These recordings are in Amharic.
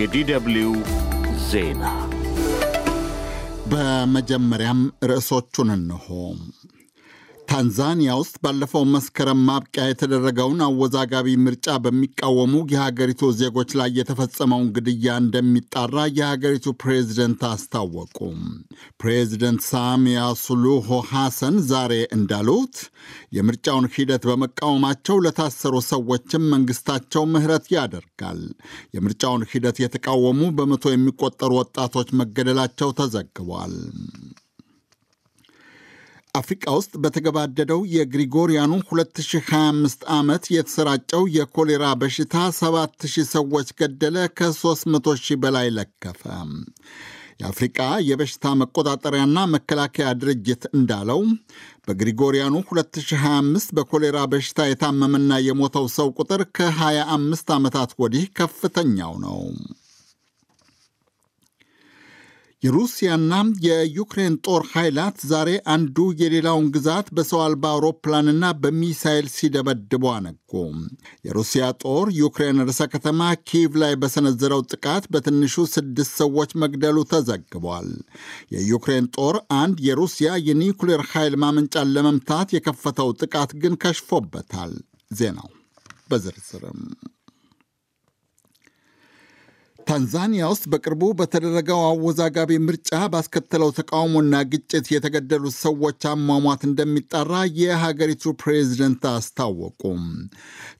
የዲደብልዩ ዜና በመጀመሪያም ርዕሶቹን እንሆም ታንዛኒያ ውስጥ ባለፈው መስከረም ማብቂያ የተደረገውን አወዛጋቢ ምርጫ በሚቃወሙ የሀገሪቱ ዜጎች ላይ የተፈጸመውን ግድያ እንደሚጣራ የሀገሪቱ ፕሬዝደንት አስታወቁ። ፕሬዝደንት ሳሚያ ሱሉሆ ሐሰን ዛሬ እንዳሉት የምርጫውን ሂደት በመቃወማቸው ለታሰሩ ሰዎችም መንግስታቸው ምህረት ያደርጋል። የምርጫውን ሂደት የተቃወሙ በመቶ የሚቆጠሩ ወጣቶች መገደላቸው ተዘግቧል። አፍሪቃ ውስጥ በተገባደደው የግሪጎሪያኑ 2025 ዓመት የተሰራጨው የኮሌራ በሽታ 7000 ሰዎች ገደለ፣ ከ300ሺህ በላይ ለከፈ። የአፍሪቃ የበሽታ መቆጣጠሪያና መከላከያ ድርጅት እንዳለው በግሪጎሪያኑ 2025 በኮሌራ በሽታ የታመመና የሞተው ሰው ቁጥር ከ25 ዓመታት ወዲህ ከፍተኛው ነው። የሩሲያና የዩክሬን ጦር ኃይላት ዛሬ አንዱ የሌላውን ግዛት በሰው አልባ አውሮፕላንና በሚሳይል ሲደበድቡ አነጉ። የሩሲያ ጦር ዩክሬን ርዕሰ ከተማ ኪቭ ላይ በሰነዘረው ጥቃት በትንሹ ስድስት ሰዎች መግደሉ ተዘግቧል። የዩክሬን ጦር አንድ የሩሲያ የኒውክሌር ኃይል ማመንጫን ለመምታት የከፈተው ጥቃት ግን ከሽፎበታል። ዜናው በዝርዝርም ታንዛኒያ ውስጥ በቅርቡ በተደረገው አወዛጋቢ ምርጫ ባስከተለው ተቃውሞና ግጭት የተገደሉት ሰዎች አሟሟት እንደሚጣራ የሀገሪቱ ፕሬዝደንት አስታወቁ።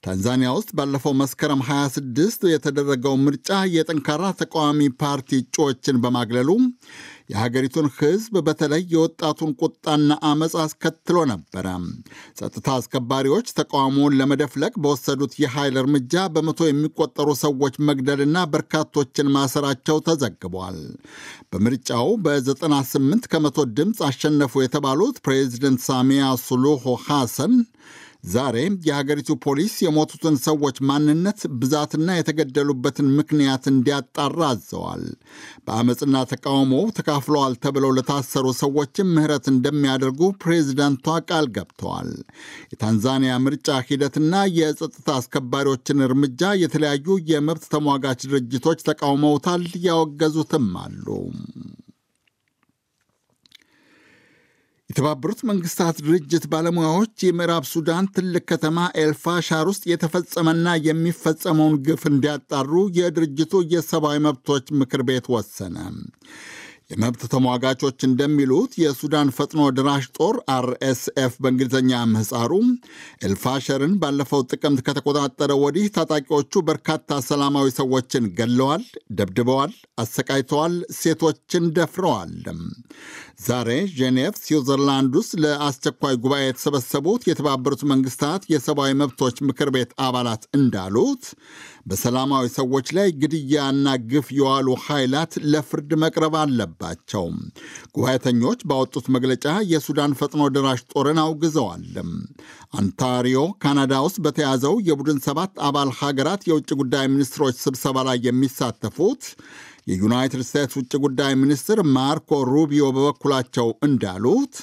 ታንዛኒያ ውስጥ ባለፈው መስከረም 26 የተደረገው ምርጫ የጠንካራ ተቃዋሚ ፓርቲ እጩዎችን በማግለሉ የሀገሪቱን ሕዝብ በተለይ የወጣቱን ቁጣና አመፅ አስከትሎ ነበረ። ጸጥታ አስከባሪዎች ተቃውሞውን ለመደፍለቅ በወሰዱት የኃይል እርምጃ በመቶ የሚቆጠሩ ሰዎች መግደልና በርካቶችን ማሰራቸው ተዘግቧል። በምርጫው በ98 ከመቶ ድምፅ አሸነፉ የተባሉት ፕሬዚደንት ሳሚያ ሱሉሁ ሐሰን ዛሬ የሀገሪቱ ፖሊስ የሞቱትን ሰዎች ማንነት ብዛትና የተገደሉበትን ምክንያት እንዲያጣራ አዘዋል። በአመፅና ተቃውሞ ተካፍለዋል ተብለው ለታሰሩ ሰዎችም ምህረት እንደሚያደርጉ ፕሬዚዳንቷ ቃል ገብተዋል። የታንዛኒያ ምርጫ ሂደትና የጸጥታ አስከባሪዎችን እርምጃ የተለያዩ የመብት ተሟጋች ድርጅቶች ተቃውመውታል፣ ያወገዙትም አሉ። የተባበሩት መንግስታት ድርጅት ባለሙያዎች የምዕራብ ሱዳን ትልቅ ከተማ ኤልፋሻር ውስጥ የተፈጸመና የሚፈጸመውን ግፍ እንዲያጣሩ የድርጅቱ የሰብአዊ መብቶች ምክር ቤት ወሰነ። የመብት ተሟጋቾች እንደሚሉት የሱዳን ፈጥኖ ድራሽ ጦር አርኤስኤፍ በእንግሊዝኛ ምህፃሩ ኤልፋሸርን ባለፈው ጥቅምት ከተቆጣጠረ ወዲህ ታጣቂዎቹ በርካታ ሰላማዊ ሰዎችን ገለዋል፣ ደብድበዋል፣ አሰቃይተዋል፣ ሴቶችን ደፍረዋል። ዛሬ ጄኔቭ ስዊዘርላንድ ውስጥ ለአስቸኳይ ጉባኤ የተሰበሰቡት የተባበሩት መንግስታት የሰብአዊ መብቶች ምክር ቤት አባላት እንዳሉት በሰላማዊ ሰዎች ላይ ግድያና ግፍ የዋሉ ኃይላት ለፍርድ መቅረብ አለባቸው። ጉባኤተኞች ባወጡት መግለጫ የሱዳን ፈጥኖ ደራሽ ጦርን አውግዘዋል። አንታሪዮ ካናዳ ውስጥ በተያዘው የቡድን ሰባት አባል ሀገራት የውጭ ጉዳይ ሚኒስትሮች ስብሰባ ላይ የሚሳተፉት የዩናይትድ ስቴትስ ውጭ ጉዳይ ሚኒስትር ማርኮ ሩቢዮ በበኩላቸው እንዳሉት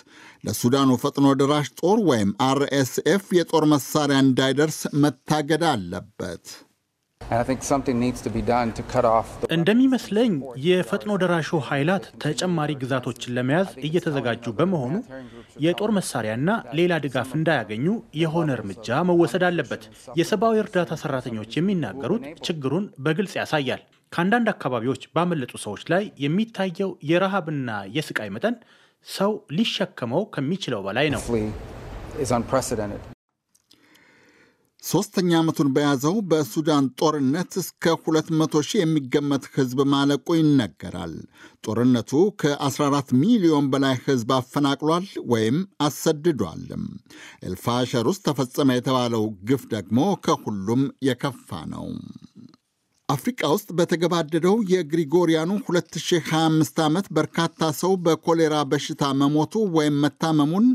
ለሱዳኑ ፈጥኖ ደራሽ ጦር ወይም አርኤስኤፍ የጦር መሳሪያ እንዳይደርስ መታገድ አለበት። እንደሚመስለኝ የፈጥኖ ደራሹ ኃይላት ተጨማሪ ግዛቶችን ለመያዝ እየተዘጋጁ በመሆኑ የጦር መሳሪያና ሌላ ድጋፍ እንዳያገኙ የሆነ እርምጃ መወሰድ አለበት። የሰብአዊ እርዳታ ሰራተኞች የሚናገሩት ችግሩን በግልጽ ያሳያል። ከአንዳንድ አካባቢዎች ባመለጡ ሰዎች ላይ የሚታየው የረሃብና የስቃይ መጠን ሰው ሊሸከመው ከሚችለው በላይ ነው። ሶስተኛ ዓመቱን በያዘው በሱዳን ጦርነት እስከ 200 ሺህ የሚገመት ሕዝብ ማለቁ ይነገራል። ጦርነቱ ከ14 ሚሊዮን በላይ ሕዝብ አፈናቅሏል ወይም አሰድዷልም። ኤልፋሸር ውስጥ ተፈጸመ የተባለው ግፍ ደግሞ ከሁሉም የከፋ ነው። አፍሪቃ ውስጥ በተገባደደው የግሪጎሪያኑ 2025 ዓመት በርካታ ሰው በኮሌራ በሽታ መሞቱ ወይም መታመሙን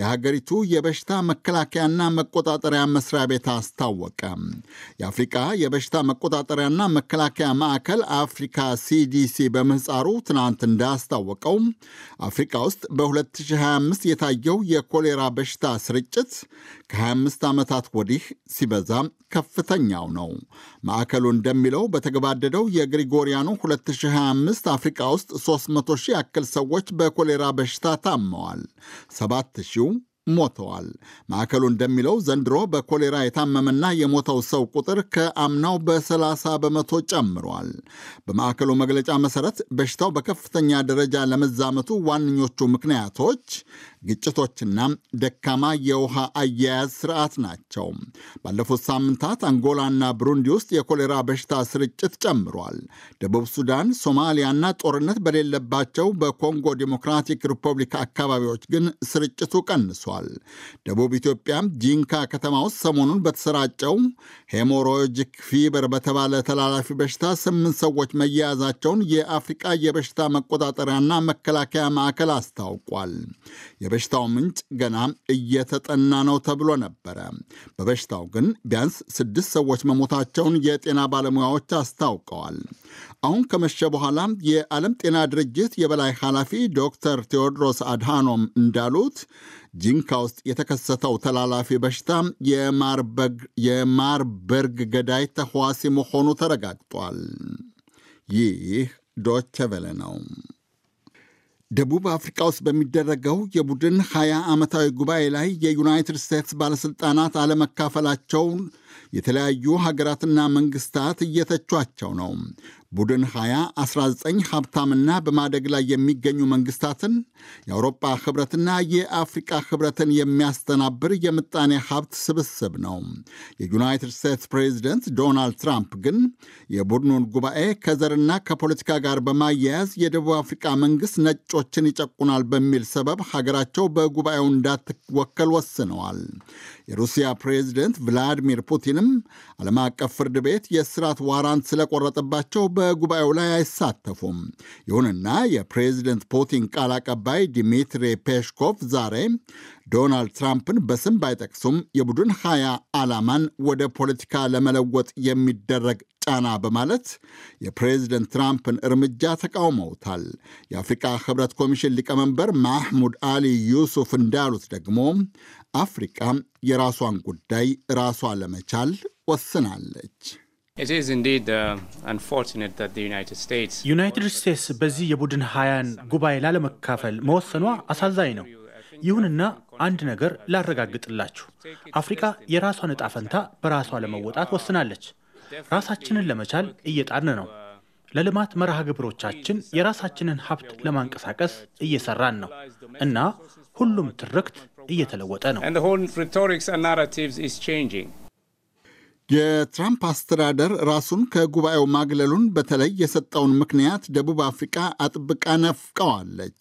የሀገሪቱ የበሽታ መከላከያና መቆጣጠሪያ መስሪያ ቤት አስታወቀ። የአፍሪቃ የበሽታ መቆጣጠሪያና መከላከያ ማዕከል አፍሪካ ሲዲሲ በምህፃሩ ትናንት እንዳስታወቀው አፍሪቃ ውስጥ በ2025 የታየው የኮሌራ በሽታ ስርጭት ከ25 ዓመታት ወዲህ ሲበዛ ከፍተኛው ነው። ማዕከሉ እንደሚለው በተገባደደው የግሪጎሪያኑ 2025 አፍሪካ ውስጥ 300 ሺህ ያክል ሰዎች በኮሌራ በሽታ ታመዋል፣ 7 ሺው ሞተዋል። ማዕከሉ እንደሚለው ዘንድሮ በኮሌራ የታመመና የሞተው ሰው ቁጥር ከአምናው በ30 በመቶ ጨምሯል። በማዕከሉ መግለጫ መሰረት በሽታው በከፍተኛ ደረጃ ለመዛመቱ ዋነኞቹ ምክንያቶች ግጭቶችና ደካማ የውሃ አያያዝ ስርዓት ናቸው። ባለፉት ሳምንታት አንጎላና ብሩንዲ ውስጥ የኮሌራ በሽታ ስርጭት ጨምሯል። ደቡብ ሱዳን፣ ሶማሊያና ጦርነት በሌለባቸው በኮንጎ ዲሞክራቲክ ሪፐብሊክ አካባቢዎች ግን ስርጭቱ ቀንሷል። ደቡብ ኢትዮጵያ ጂንካ ከተማ ውስጥ ሰሞኑን በተሰራጨው ሄሞሮጂክ ፊበር በተባለ ተላላፊ በሽታ ስምንት ሰዎች መያያዛቸውን የአፍሪቃ የበሽታ መቆጣጠሪያና መከላከያ ማዕከል አስታውቋል። የበሽታው ምንጭ ገና እየተጠና ነው ተብሎ ነበረ። በበሽታው ግን ቢያንስ ስድስት ሰዎች መሞታቸውን የጤና ባለሙያዎች አስታውቀዋል። አሁን ከመሸ በኋላ የዓለም ጤና ድርጅት የበላይ ኃላፊ ዶክተር ቴዎድሮስ አድሃኖም እንዳሉት ጂንካ ውስጥ የተከሰተው ተላላፊ በሽታ የማርበርግ ገዳይ ተህዋሲ መሆኑ ተረጋግጧል። ይህ ዶቸ ቬለ ነው። ደቡብ አፍሪካ ውስጥ በሚደረገው የቡድን ሀያ ዓመታዊ ጉባኤ ላይ የዩናይትድ ስቴትስ ባለሥልጣናት አለመካፈላቸውን የተለያዩ ሀገራትና መንግስታት እየተቿቸው ነው። ቡድን 20 19 ሀብታምና በማደግ ላይ የሚገኙ መንግስታትን የአውሮፓ ህብረትና የአፍሪቃ ህብረትን የሚያስተናብር የምጣኔ ሀብት ስብስብ ነው። የዩናይትድ ስቴትስ ፕሬዚደንት ዶናልድ ትራምፕ ግን የቡድኑን ጉባኤ ከዘርና ከፖለቲካ ጋር በማያያዝ የደቡብ አፍሪቃ መንግስት ነጮችን ይጨቁናል በሚል ሰበብ ሀገራቸው በጉባኤው እንዳትወከል ወስነዋል። የሩሲያ ፕሬዝደንት ቭላዲሚር ፑቲንም ዓለም አቀፍ ፍርድ ቤት የእስራት ዋራንት ስለቆረጠባቸው በጉባኤው ላይ አይሳተፉም። ይሁንና የፕሬዝደንት ፑቲን ቃል አቀባይ ዲሚትሪ ፔሽኮቭ ዛሬ ዶናልድ ትራምፕን በስም ባይጠቅሱም የቡድን ሀያ ዓላማን ወደ ፖለቲካ ለመለወጥ የሚደረግ ጫና በማለት የፕሬዝደንት ትራምፕን እርምጃ ተቃውመውታል። የአፍሪካ ህብረት ኮሚሽን ሊቀመንበር ማህሙድ አሊ ዩሱፍ እንዳሉት ደግሞ አፍሪቃ የራሷን ጉዳይ ራሷ ለመቻል ወስናለች። ዩናይትድ ስቴትስ uh, በዚህ የቡድን ሀያን ጉባኤ ላለመካፈል መወሰኗ አሳዛኝ ነው። ይሁንና አንድ ነገር ላረጋግጥላችሁ፣ አፍሪቃ የራሷን እጣ ፈንታ በራሷ ለመወጣት ወስናለች። ራሳችንን ለመቻል እየጣርን ነው። ለልማት መርሃ ግብሮቻችን የራሳችንን ሀብት ለማንቀሳቀስ እየሰራን ነው እና ሁሉም ትርክት እየተለወጠ ነው። የትራምፕ አስተዳደር ራሱን ከጉባኤው ማግለሉን በተለይ የሰጠውን ምክንያት ደቡብ አፍሪቃ አጥብቃ ነፍቀዋለች።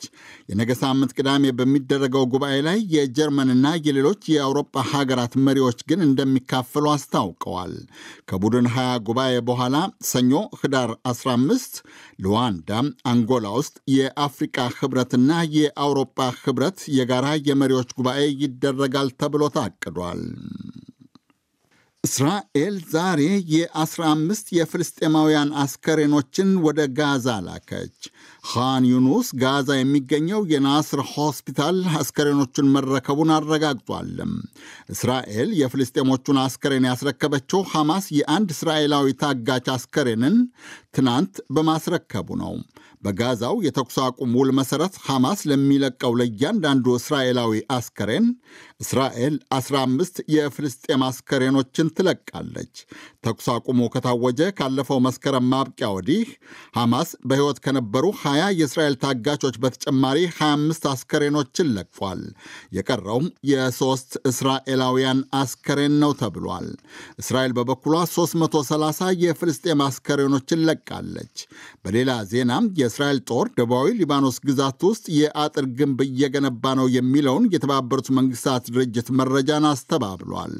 የነገ ሳምንት ቅዳሜ በሚደረገው ጉባኤ ላይ የጀርመንና የሌሎች የአውሮፓ ሀገራት መሪዎች ግን እንደሚካፈሉ አስታውቀዋል። ከቡድን 20 ጉባኤ በኋላ ሰኞ ህዳር 15 ሉዋንዳ፣ አንጎላ ውስጥ የአፍሪቃ ህብረትና የአውሮፓ ህብረት የጋራ የመሪዎች ጉባኤ ይደረጋል ተብሎ ታቅዷል። እስራኤል ዛሬ የ15 የፍልስጤማውያን አስከሬኖችን ወደ ጋዛ ላከች። ኻን ዩኑስ ጋዛ የሚገኘው የናስር ሆስፒታል አስከሬኖቹን መረከቡን አረጋግጧለም። እስራኤል የፍልስጤሞቹን አስከሬን ያስረከበችው ሐማስ የአንድ እስራኤላዊ ታጋች አስከሬንን ትናንት በማስረከቡ ነው። በጋዛው የተኩስ አቁም ውል መሠረት ሐማስ ለሚለቀው ለእያንዳንዱ እስራኤላዊ አስከሬን እስራኤል 15 የፍልስጤም አስከሬኖችን ትለቃለች። ተኩስ አቁሙ ከታወጀ ካለፈው መስከረም ማብቂያ ወዲህ ሐማስ በሕይወት ከነበሩ 20 የእስራኤል ታጋቾች በተጨማሪ 25 አስከሬኖችን ለቅፏል። የቀረውም የሦስት እስራኤላውያን አስከሬን ነው ተብሏል። እስራኤል በበኩሏ 330 የፍልስጤም አስከሬኖችን ለቃለች። በሌላ ዜናም የ የእስራኤል ጦር ደቡባዊ ሊባኖስ ግዛት ውስጥ የአጥር ግንብ እየገነባ ነው የሚለውን የተባበሩት መንግስታት ድርጅት መረጃን አስተባብሏል።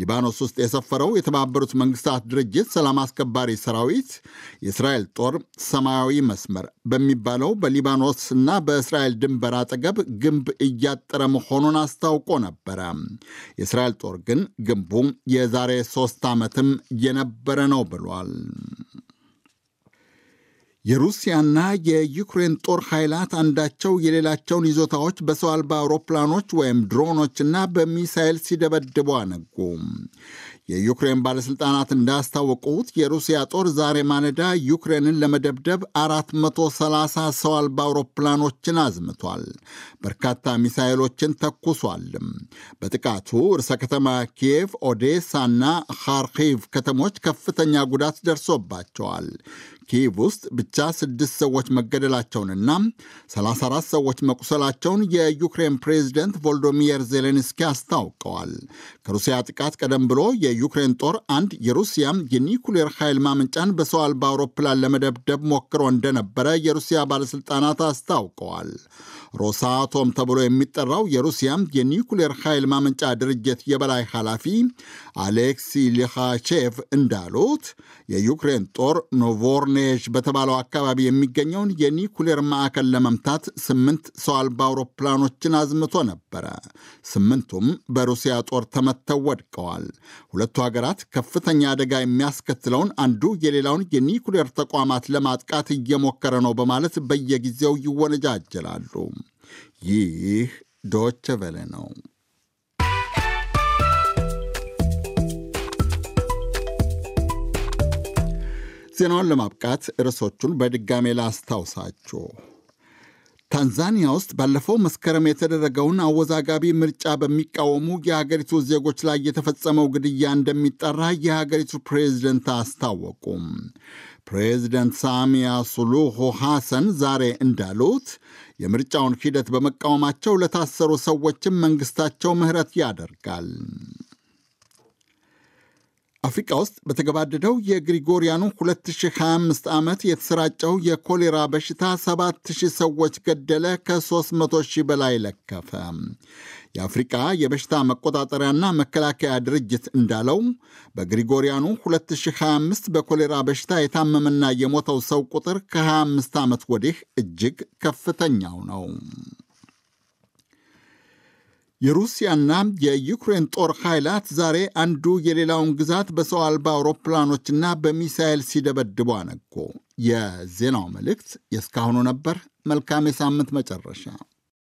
ሊባኖስ ውስጥ የሰፈረው የተባበሩት መንግስታት ድርጅት ሰላም አስከባሪ ሰራዊት የእስራኤል ጦር ሰማያዊ መስመር በሚባለው በሊባኖስ እና በእስራኤል ድንበር አጠገብ ግንብ እያጠረ መሆኑን አስታውቆ ነበረ። የእስራኤል ጦር ግን ግንቡ የዛሬ ሶስት ዓመትም የነበረ ነው ብሏል። የሩሲያና የዩክሬን ጦር ኃይላት አንዳቸው የሌላቸውን ይዞታዎች በሰው አልባ አውሮፕላኖች ወይም ድሮኖችና በሚሳይል ሲደበድቡ አነጉ። የዩክሬን ባለሥልጣናት እንዳስታወቁት የሩሲያ ጦር ዛሬ ማለዳ ዩክሬንን ለመደብደብ 430 ሰው አልባ አውሮፕላኖችን አዝምቷል። በርካታ ሚሳይሎችን ተኩሷልም። በጥቃቱ እርሰ ከተማ ኪየቭ፣ ኦዴሳና ካርኪቭ ከተሞች ከፍተኛ ጉዳት ደርሶባቸዋል። ኪየቭ ውስጥ ብቻ ስድስት ሰዎች መገደላቸውንና 34 ሰዎች መቁሰላቸውን የዩክሬን ፕሬዚደንት ቮልዶሚየር ዜሌንስኪ አስታውቀዋል። ከሩሲያ ጥቃት ቀደም ብሎ የዩክሬን ጦር አንድ የሩሲያ የኒኩሌር ኃይል ማመንጫን በሰው አልባ አውሮፕላን ለመደብደብ ሞክሮ እንደነበረ የሩሲያ ባለሥልጣናት አስታውቀዋል። ሮሳቶም ተብሎ የሚጠራው የሩሲያ የኒኩሌር ኃይል ማመንጫ ድርጅት የበላይ ኃላፊ አሌክሲ ሊኻቼቭ እንዳሉት የዩክሬን ጦር ኖቮርኔዥ በተባለው አካባቢ የሚገኘውን የኒኩሌር ማዕከል ለመምታት ስምንት ሰው አልባ አውሮፕላኖችን አዝምቶ ነበረ። ስምንቱም በሩሲያ ጦር ተመ ተመታተው ወድቀዋል። ሁለቱ ሀገራት ከፍተኛ አደጋ የሚያስከትለውን አንዱ የሌላውን የኒኩሌር ተቋማት ለማጥቃት እየሞከረ ነው በማለት በየጊዜው ይወነጃጀላሉ። ይህ ዶች ቨለ ነው። ዜናውን ለማብቃት ርዕሶቹን በድጋሜ ላስታውሳችሁ። ታንዛኒያ ውስጥ ባለፈው መስከረም የተደረገውን አወዛጋቢ ምርጫ በሚቃወሙ የሀገሪቱ ዜጎች ላይ የተፈጸመው ግድያ እንደሚጠራ የሀገሪቱ ፕሬዝደንት አስታወቁም። ፕሬዝደንት ሳሚያ ሱሉሁ ሐሰን ዛሬ እንዳሉት የምርጫውን ሂደት በመቃወማቸው ለታሰሩ ሰዎችም መንግስታቸው ምህረት ያደርጋል። አፍሪካ ውስጥ በተገባደደው የግሪጎሪያኑ 2025 ዓመት የተሰራጨው የኮሌራ በሽታ 7000 ሰዎች ገደለ፣ ከ300 ሺህ በላይ ለከፈ። የአፍሪቃ የበሽታ መቆጣጠሪያና መከላከያ ድርጅት እንዳለው በግሪጎሪያኑ 2025 በኮሌራ በሽታ የታመመና የሞተው ሰው ቁጥር ከ25 ዓመት ወዲህ እጅግ ከፍተኛው ነው። የሩሲያና የዩክሬን ጦር ኃይላት ዛሬ አንዱ የሌላውን ግዛት በሰው አልባ አውሮፕላኖችና በሚሳኤል ሲደበድቡ አነጎ። የዜናው መልእክት የእስካሁኑ ነበር። መልካም የሳምንት መጨረሻ